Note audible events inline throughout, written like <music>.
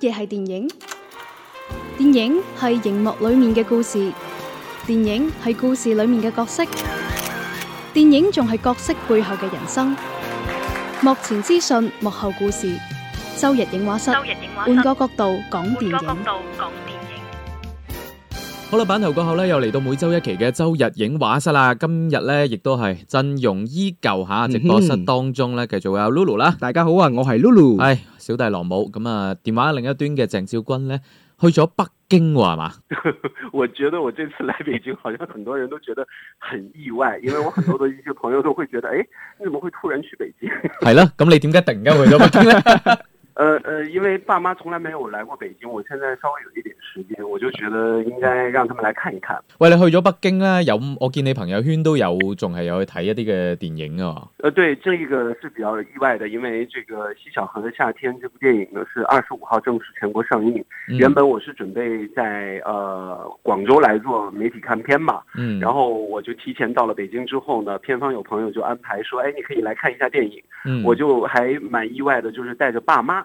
嘢係電影，電影係熒幕裏面嘅故事，電影係故事裏面嘅角色，電影仲係角色背後嘅人生。幕前資訊，幕後故事，周日映畫室，換個角度講電影。好啦，版頭過後咧，又嚟到每周一期嘅周日映畫室啦。今日咧，亦都係陣容依舊吓，直播室當中咧，繼續有 Lulu 啦、嗯。大家好啊，我係 Lulu，係小弟老母。咁啊，電話另一端嘅鄭少君咧，去咗北京，係嘛？我覺得我這次來北京，好像很多人都覺得很意外，因為我很多的一些朋友都會覺得，誒，你怎麼會突然去北京？係咯，咁你點解突然間去咗北京咧？呃呃，因為爸媽從來沒有來過北京，我現在稍微有一點時間，我就覺得應該讓他們來看一看。喂，你去咗北京咧、啊？有我見你朋友圈都有，仲係有去睇一啲嘅電影哦、啊。呃，對，這個是比較意外的，因為這個《西小河的夏天》這部電影呢是二十五號正式全國上映。原本我是準備在呃廣州來做媒體看片嘛，嗯，然後我就提前到了北京之後呢，片方有朋友就安排說，哎，你可以來看一下電影。嗯，我就還蠻意外的，就是帶着爸媽。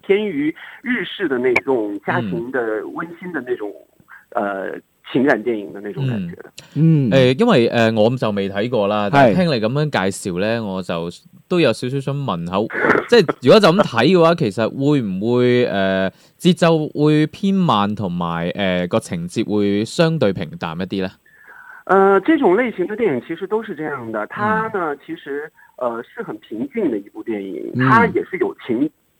偏於日式的那種家庭的溫、嗯、馨的那種，呃，情感電影的那種感覺的、嗯。嗯，誒、欸，因為誒、呃，我就未睇過啦，是但聽你咁樣介紹呢，我就都有少少想問口： <laughs> 即係如果就咁睇嘅話，其實會唔會誒節、呃、奏會偏慢，同埋誒個情節會相對平淡一啲呢？誒、呃，這種類型的電影其實都是這樣的，它呢其實誒、呃、是很平靜的一部電影，它也是有情。嗯嗯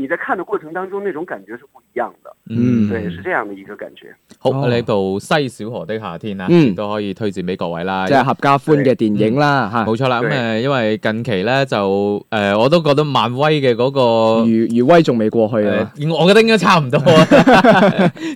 你在看的過程當中，那種感覺是不一樣的。嗯，對，是這樣的一個感覺。好，嚟到《西小河的夏天》啦，亦都可以推薦俾各位啦。即係合家歡嘅電影啦，吓。冇錯啦，咁誒，因為近期咧就誒，我都覺得漫威嘅嗰個餘餘威仲未過去啊。我覺得應該差唔多。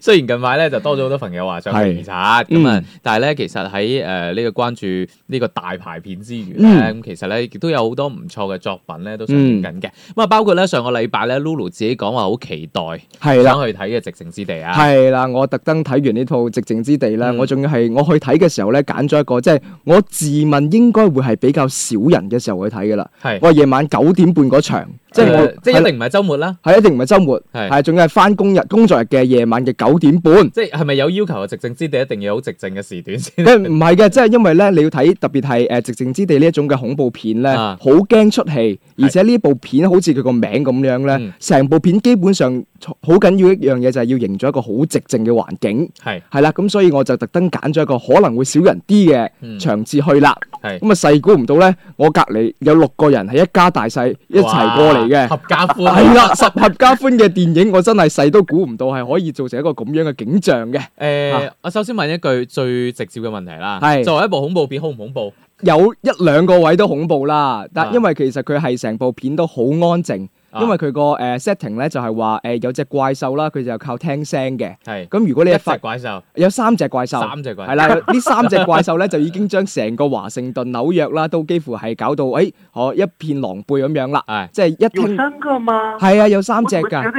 雖然近排咧就多咗好多朋友話想預測，咁啊，但係咧其實喺誒呢個關注呢個大牌片之餘咧，咁其實咧亦都有好多唔錯嘅作品咧都上映緊嘅。咁啊，包括咧上個禮拜咧。自己講話好期待，啊，係啦，去睇嘅《寂靜之地》啊，係啦，我特登睇完呢套《寂靜之地》咧，我仲要係我去睇嘅時候咧，揀咗一個，即係我自問應該會係比較少人嘅時候去睇嘅啦，係，是的 我夜晚九點半嗰場。即係即係一定唔係周末啦，係一定唔係周末，係仲要係翻工日工作日嘅夜晚嘅九點半。即係係咪有要求啊？寂靜之地一定要好寂靜嘅時段先。唔係嘅，即係因為咧，你要睇特別係誒寂靜之地呢一種嘅恐怖片咧，好驚出戲，而且呢部片好似佢個名咁樣咧，成部片基本上好緊要一樣嘢就係要營造一個好寂靜嘅環境。係係啦，咁所以我就特登揀咗一個可能會少人啲嘅場次去啦。咁啊，細估唔到咧，我隔籬有六個人係一家大細一齊過嚟。合家歡係啦， <laughs> 十合家歡嘅電影，我真係細都估唔到係可以做成一個咁樣嘅景象嘅。誒、欸，啊、我首先問一句最直接嘅問題啦，係是作為一部恐怖片，恐唔恐怖？有一兩個位都恐怖啦，但因為其實佢係成部片都好安靜。啊因為佢個誒 setting 咧就係話誒有隻怪獸啦，佢就靠聽聲嘅。係。咁如果你一發怪獸，有三隻怪獸。三隻怪。係啦，呢三隻怪獸咧就已經將成個華盛頓、紐約啦都幾乎係搞到誒，哦一片狼狽咁樣啦。係。即係一聽。有三個嗎？係啊，有三隻㗎。有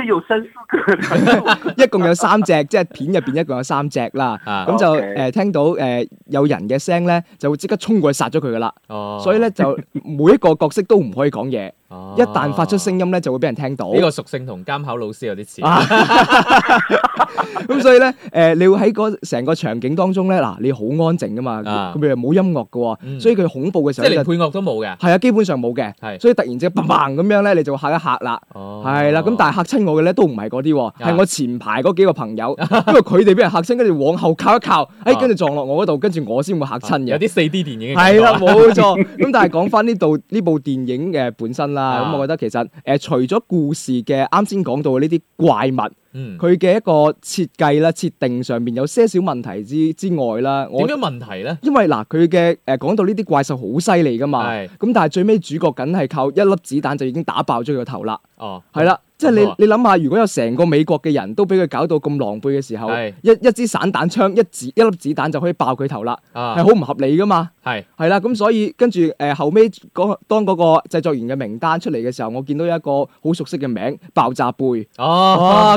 一共有三隻，即係片入邊一共有三隻啦。啊。咁就誒聽到誒有人嘅聲咧，就會即刻衝過去殺咗佢㗎啦。哦。所以咧就每一個角色都唔可以講嘢。哦。一旦發出聲音咧。就會俾人聽到，呢個屬性同監考老師有啲似。咁所以咧，誒，你會喺個成個場景當中咧，嗱，你好安靜噶嘛，咁又冇音樂嘅喎，所以佢恐怖嘅時候，即係連配樂都冇嘅，係啊，基本上冇嘅，所以突然之間嘣嘣咁樣咧，你就嚇一嚇啦，係啦，咁但係嚇親我嘅咧都唔係嗰啲喎，係我前排嗰幾個朋友，因為佢哋俾人嚇親，跟住往後靠一靠，哎，跟住撞落我嗰度，跟住我先會嚇親嘅。有啲四 D 電影係啦，冇錯。咁但係講翻呢度呢部電影嘅本身啦，咁我覺得其實誒除咗故事嘅啱先講到嘅呢啲怪物，佢嘅、嗯、一個設計啦、設定上面有些少問題之之外啦，點樣問題咧？因為嗱，佢嘅誒講到呢啲怪獸好犀利噶嘛，咁是但係最尾主角梗係靠一粒子彈就已經打爆咗佢個頭啦。哦，係啦的。嗯即係你、哦、你諗下，如果有成個美國嘅人都俾佢搞到咁狼狽嘅時候，是一一支散彈槍一一粒子彈就可以爆佢頭啦，係好唔合理噶嘛。係係啦，咁所以跟住誒、呃、後尾嗰當嗰個製作員嘅名單出嚟嘅時候，我見到有一個好熟悉嘅名爆炸貝。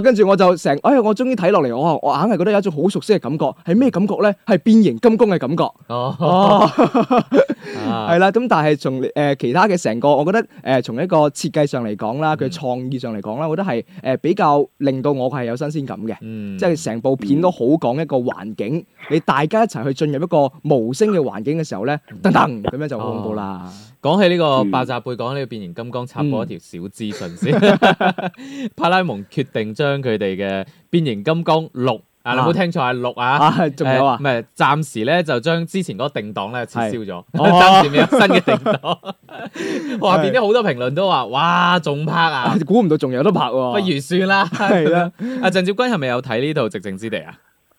跟住我就成，哎我終於睇落嚟，我我硬係覺得有一種好熟悉嘅感覺，係咩感覺咧？係變形金剛嘅感覺。哦，係啦，咁但係從誒其他嘅成個，我覺得誒從一個設計上嚟講啦，佢創意上嚟講。嗯嗯講啦，我覺得係誒比較令到我係有新鮮感嘅，嗯、即係成部片都好講一個環境。嗯、你大家一齊去進入一個無聲嘅環境嘅時候咧，噔噔咁樣就好恐怖啦、哦。講起呢個爆炸貝講呢個變形金剛插播一條小資訊先，派、嗯、 <laughs> <laughs> 拉蒙決定將佢哋嘅變形金剛六。啊！你冇、啊、聽錯，係六啊！仲、啊啊、有啊？唔係、呃，暫時咧就將之前嗰定檔咧撤銷咗。暫是 <laughs> 時咩啊？新嘅定檔，我見啲好多評論都話：哇，仲拍啊！估唔、啊、到仲有得拍喎、啊。不如算啦。係啦的。阿鄭少君係咪有睇呢度《寂靜之地》啊？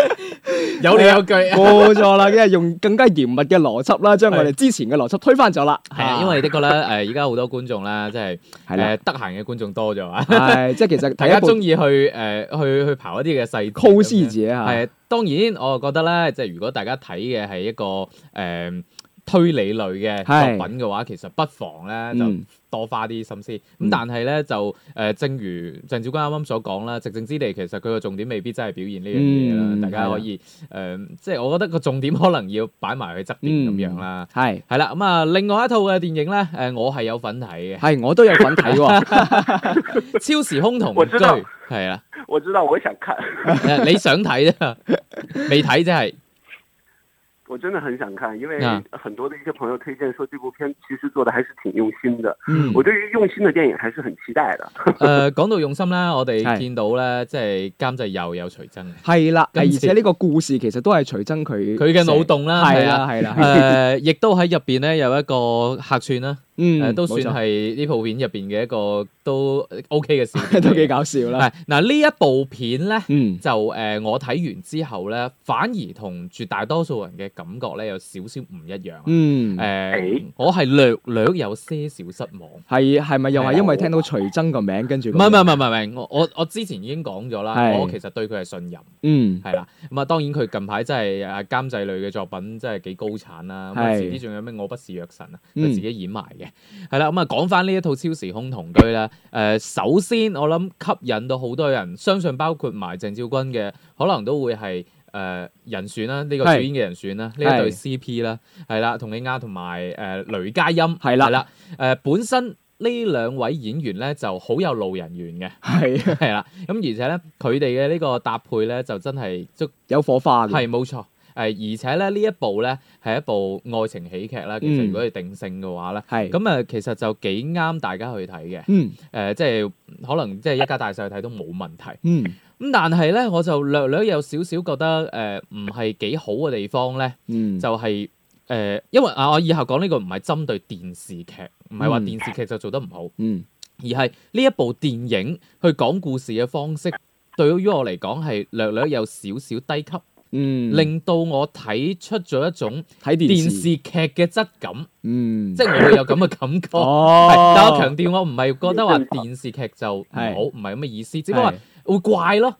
<laughs> 有理有據， <laughs> 冇錯啦，即係用更加嚴密嘅邏輯啦，將我哋之前嘅邏輯推翻咗啦。係啊，因為的確咧，誒，而家好多觀眾啦，即係誒，得閒嘅觀眾多咗啊，即係其實大家中意去誒、呃，去去刨一啲嘅細構思字啊。係、嗯，當然我啊覺得咧，即係如果大家睇嘅係一個誒、呃、推理類嘅作品嘅話，的其實不妨咧就。嗯多花啲心思咁，但係咧就誒、呃，正如鄭少君啱啱所講啦，寂靜之地其實佢個重點未必真係表現呢樣嘢啦，嗯、大家可以誒的、呃，即係我覺得個重點可能要擺埋去側邊咁樣啦。係係啦，咁啊，另外一套嘅電影咧，誒，我係有份睇嘅。係，我都有份睇喎。 <laughs> 超時空同居係啊， <laughs> 我知道，的我，知道我想睇。 <laughs> 你想睇啫，未睇真係。我真的很想看，因為很多的一些朋友推薦說這部片其實做的還是挺用心的。嗯，我對於用心的電影還是很期待的。誒、 <laughs> 呃，講到用心啦，我哋見到咧，即係監製又有徐崢，係啦，次而且呢個故事其實都係徐崢佢佢嘅腦洞啦，係啦係啦，誒、啊，亦都喺入邊咧有一個客串啦。嗯，誒都算係呢部片入邊嘅一個都 OK 嘅事，都幾搞笑啦。係嗱，呢一部片咧，就誒我睇完之後咧，反而同絕大多數人嘅感覺咧有少少唔一樣。嗯，誒我係略略有些少失望。係，係咪又係因為聽到徐崢個名跟住？唔唔唔唔唔，我我我之前已經講咗啦，我其實對佢係信任。嗯，係啦。咁啊當然佢近排真係啊監製類嘅作品真係幾高產啦。係，遲啲仲有咩我不是藥神啊，佢自己演埋嘅。.係啦，咁啊講翻呢一套超時空同居咧，誒、呃，首先我諗吸引到好多人，相信包括埋鄭照君嘅，可能都會係誒、呃、人選啦，呢、這個主演嘅人選啦，呢是一 CP, 是對 CP 啦，係啦，佟麗婭同埋誒雷佳音，係啦的，誒、呃、本身呢兩位演員咧就好有路人緣嘅，係係啦，咁的、嗯、而且咧佢哋嘅呢個搭配咧就真係足有火花，係冇錯。誒而且咧呢一部咧係一部愛情喜劇啦，其實如果你定性嘅話咧，咁誒、嗯、其實就幾啱大家去睇嘅。誒、嗯呃、即係可能即係一家大細去睇都冇問題。咁、嗯、但係咧我就略略有少少覺得誒唔係幾好嘅地方咧，嗯、就係、是、誒、呃、因為啊我以後講呢個唔係針對電視劇，唔係話電視劇就做得唔好，嗯嗯、而係呢一部電影去講故事嘅方式，對於我嚟講係略略有少少少低級。令到我睇出咗一種睇電視劇嘅質感，嗯，即係我會有咁嘅感覺。哦，但我強調，我唔係覺得話電視劇就唔好，唔係咁嘅意思，只係話會怪咯。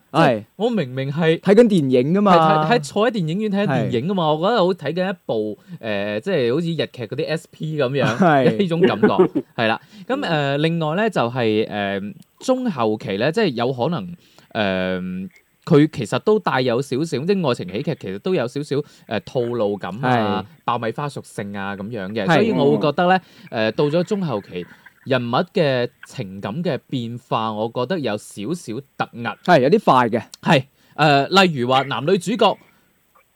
我明明係睇緊電影噶嘛，坐喺電影院睇電影噶嘛，我覺得我睇緊一部誒，即係好似日劇嗰啲 SP 咁樣呢種感覺，係啦。咁誒，另外咧就係誒中後期咧，即係有可能誒。佢其實都帶有少少即係愛情喜劇，其實都有少少誒套路感啊、是爆米花屬性啊咁樣嘅，是所以我會覺得咧，誒我到咗中後期人物嘅情感嘅變化，我覺得有少少突兀，係有啲快嘅，係誒、呃，例如話男女主角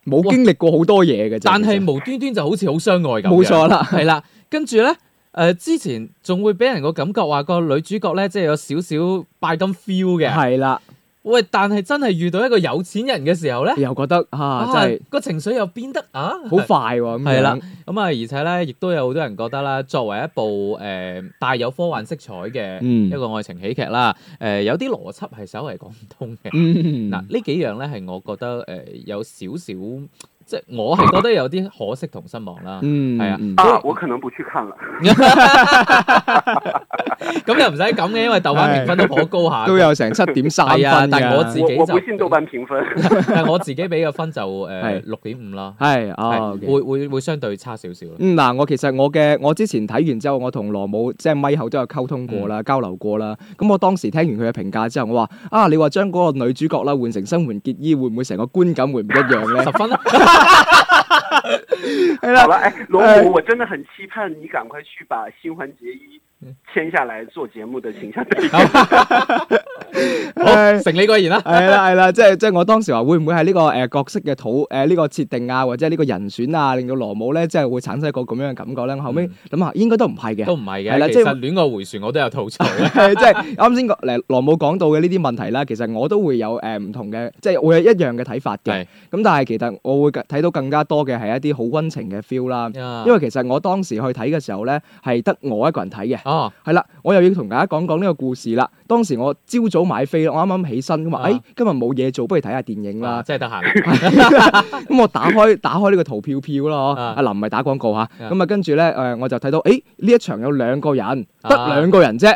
冇經歷過好多嘢嘅，但係無端端就好似好相愛咁，冇錯啦，係啦，跟住咧誒之前仲會俾人個感覺話個女主角咧，即係有少少拜金 feel 嘅，係啦。喂，但係真係遇到一個有錢人嘅時候咧，又覺得嚇，真係、啊就是、個情緒又變得啊，好快喎、啊，咁樣。咁啊、嗯，而且咧，亦都有好多人覺得啦，作為一部誒帶、呃、有科幻色彩嘅一個愛情喜劇啦，誒、呃、有啲邏輯係稍微講唔通嘅。嗱、嗯哼，呢幾樣咧係我覺得誒、呃、有少少。即係我係覺得有啲可惜同失望啦，係啊，我可能不去看了。咁又唔使咁嘅，因為豆瓣評分都好高下，都有成七點三分。但我自己就我不信豆瓣評分，但我自己俾嘅分就誒六點五啦。係啊，會會會相對差少少。嗱，我其實我嘅我之前睇完之後，我同羅母即係咪後都有溝通過啦、交流過啦。咁我當時聽完佢嘅評價之後，我話啊，你話將嗰個女主角啦換成新垣結衣，會唔會成個觀感會唔一樣咧？十分。 <laughs> <laughs> 好了，哎，龍虎，我真的很期盼你趕快去把新環節一。簽下嚟做節目的形象，成你個言啦，係啦係啦，即係即係我當時話會唔會係呢個誒角色嘅土誒呢個設定啊，或者呢個人選啊令到羅姆咧，即係會產生一個咁樣嘅感覺咧？我後尾咁啊，應該都唔係嘅，都唔係嘅，係啦，即係戀愛回旋我都有吐槽，即係啱先講羅姆講到嘅呢啲問題啦，其實我都會有誒唔同嘅，即係會有一樣嘅睇法嘅，咁但係其實我會睇到更加多嘅係一啲好溫情嘅 feel 啦，因為其實我當時去睇嘅時候咧係得我一個人睇嘅。哦，係啦，我又要同大家講講呢個故事啦。當時我朝早買飛，我啱啱起身咁話，誒，今日冇嘢做，不如睇下電影啦。即係得閒。咁我打開打開呢個淘票票咯，阿林唔係打廣告吓。咁啊，跟住咧，誒，我就睇到，誒，呢一場有兩個人，得兩個人啫。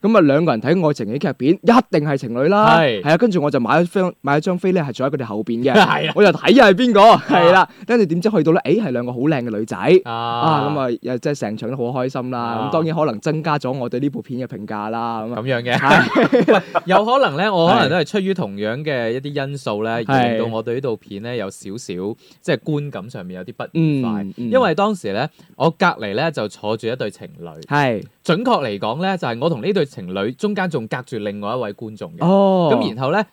咁啊，兩個人睇愛情喜劇片，一定係情侶啦。係。啊，跟住我就買咗張買咗張飛咧，係坐喺佢哋後邊嘅。我就睇下係邊個。係啦。跟住點知去到咧？誒，係兩個好靚嘅女仔。咁啊，即真係成場都好開心啦。咁當然可能真。增加咗我對呢部片嘅評價啦，咁樣嘅。是 <laughs> 有可能咧，我可能都係出於同樣嘅一啲因素咧，是而令到我對呢部片咧有少少即係觀感上面有啲不愉快，嗯嗯、因為當時咧我隔籬咧就坐住一對情侶，係是準確嚟講咧就係、是、我同呢對情侶中間仲隔住另外一位觀眾嘅，咁、哦、然後咧呢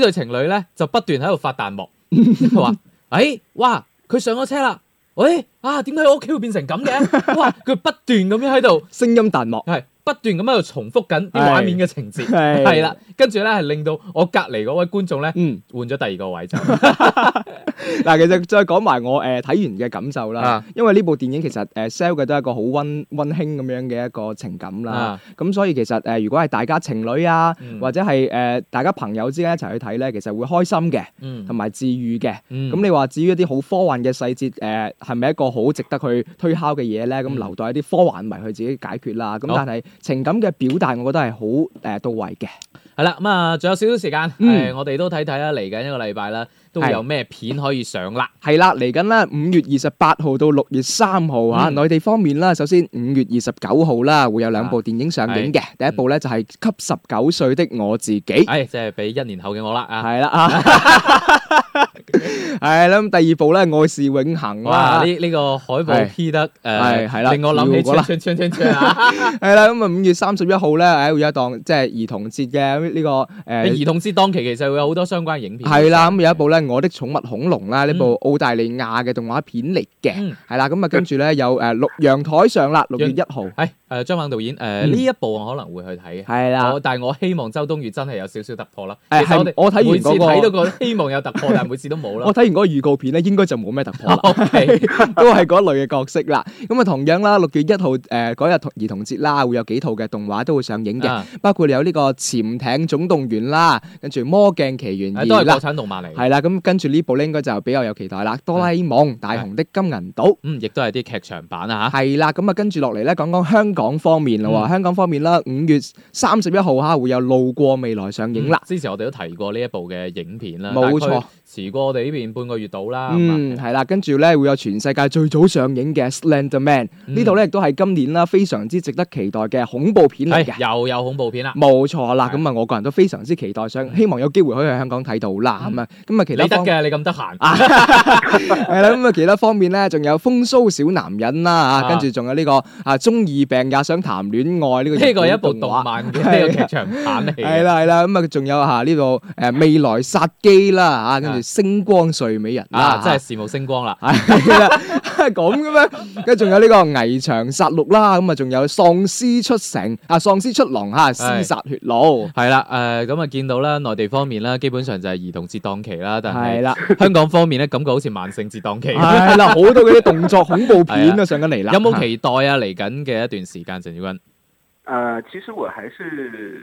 對情侶咧就不斷喺度發彈幕，佢話，誒，哇，佢上咗車啦。喂，啊，點解我屋企會變成咁嘅？ <laughs> 哇，佢不斷咁樣喺度，聲音淡漠。係。不斷咁喺度重複緊啲畫面嘅情節，係啦， <laughs> 跟住咧係令到我隔籬嗰位觀眾咧，嗯，換咗第二個位就。嗱， <laughs> 其實再講埋我誒睇完嘅感受啦，啊、因為呢部電影其實誒 sell 嘅都係一個好溫溫馨咁樣嘅一個情感啦，咁、啊、所以其實誒、呃、如果係大家情侶啊，嗯、或者係誒、呃、大家朋友之間一齊去睇咧，其實會開心嘅，嗯，同埋治愈嘅，嗯，咁你話至於一啲好科幻嘅細節，誒係咪一個好值得去推敲嘅嘢咧？咁留待一啲科幻迷去自己解決啦，咁但係。嗯情感嘅表達，我覺得係好誒到位嘅。係啦，咁啊，仲有少少時間，誒、嗯呃，我哋都睇睇啦。嚟緊一個禮拜啦，都有咩片可以上啦。係啦，嚟緊啦，五月二十八號到六月三號嚇，內地方面啦，首先五月二十九號啦，會有兩部電影上映嘅。啊、第一部咧、嗯、就係《給十九歲的我自己》。誒，即係俾一年後嘅我啦。係啦。係啦，咁 <laughs> <laughs> 第二部咧，愛是永恒、啊。哇，呢呢、這個海報 P 得誒，係啦是，令、呃、我諗起槍槍係啦，咁啊或，五、 <laughs> <laughs> 嗯、月三十一號咧，誒，會有一檔即係兒童節嘅呢個誒。呃、兒童節當期其實會有好多相關嘅影片。係啦，咁、嗯嗯、有一部咧，我的寵物恐龍啦，呢、嗯、部澳大利亞嘅動畫片嚟嘅、嗯。嗯。係、嗯、啦，咁、嗯、啊，跟住咧有誒，六陽台上啦，六月一號、嗯。嗯嗯嗯誒張猛導演，誒呢一部我可能會去睇，係啦，但係我希望周冬雨真係有少少突破啦。誒係，我睇完嗰個，睇到個希望有突破，但係每次都冇啦。我睇完嗰個預告片咧，應該就冇咩突破啦，都係嗰類嘅角色啦。咁啊，同樣啦，六月一號誒嗰日同兒童節啦，會有幾套嘅動畫都會上映嘅，包括有呢個潛艇總動員啦，跟住魔鏡奇緣二啦，都係國產動漫嚟。係啦，咁跟住呢部咧，應該就比較有期待啦，《哆啦 A 夢》、《大雄的金銀島》嗯，亦都係啲劇場版啊嚇。係啦，咁啊跟住落嚟咧，講講香港。港方面啦，香港方面啦，五月三十一號哈，會有《路過未來》上映啦。之前我哋都提過呢一部嘅影片啦，冇錯。遲過我哋呢邊半個月到啦。嗯，係啦，跟住咧會有全世界最早上映嘅《Slender Man》，呢度，咧亦都係今年啦，非常之值得期待嘅恐怖片嚟嘅。又有恐怖片啦？冇錯啦，咁啊，我個人都非常之期待，想希望有機會可以喺香港睇到啦。咁啊，咁啊，其實你得嘅，你咁得閒。係啦，咁啊，其他方面咧，仲有《風騷小男人》啦，嚇，跟住仲有呢個啊中二病。也想談戀愛呢，這個，呢個係一部動漫嘅呢個劇場版嚟。係啦係啦，咁 <laughs> 啊仲有嚇，呢個誒未來殺機啦，嚇，跟住星光睡美人啊，真係羨慕星光啦。 <laughs> 係咁嘅咩？咁仲 <laughs> 有呢個危牆殺戮啦，咁啊仲有喪屍出城啊，喪屍出籠吓，廝殺血路。係啦，誒咁啊見到啦，內地方面啦，基本上就係兒童節檔期啦。但係啦，香港方面咧，感覺好似萬聖節檔期。係啦的，好 <laughs> 多嗰啲動作恐怖片啊上緊嚟啦。有冇期待啊？嚟緊嘅一段時間，鄭志軍。誒，其實我還是。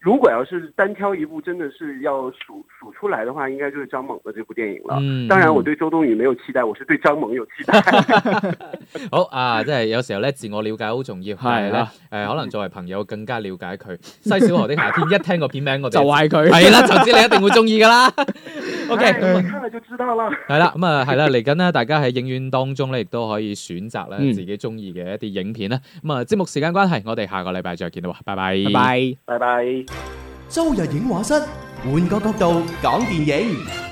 如果要是單挑一部，真的是要數數出來的話，應該就是張猛的這部電影啦。當然、嗯、我對周冬雨沒有期待，我是對張猛有期待。呵呵好啊，即係有時候咧，自我了解好重要。係啦，誒、嗯，可能作為朋友更加了解佢。西小河的夏天一聽個片名我就壞佢。係啦，就知你一定會中意噶啦。OK，我看了就知道啦。係啦，咁啊係啦，嚟緊咧，大家喺影院當中咧，亦都可以選擇咧自己中意嘅一啲影片啦。咁啊，啊，節目時間關係，我哋下個禮拜再見啦，Beispiel, bye bye so um，拜，拜，拜拜，拜拜。周日映畫室，換個角度講電影。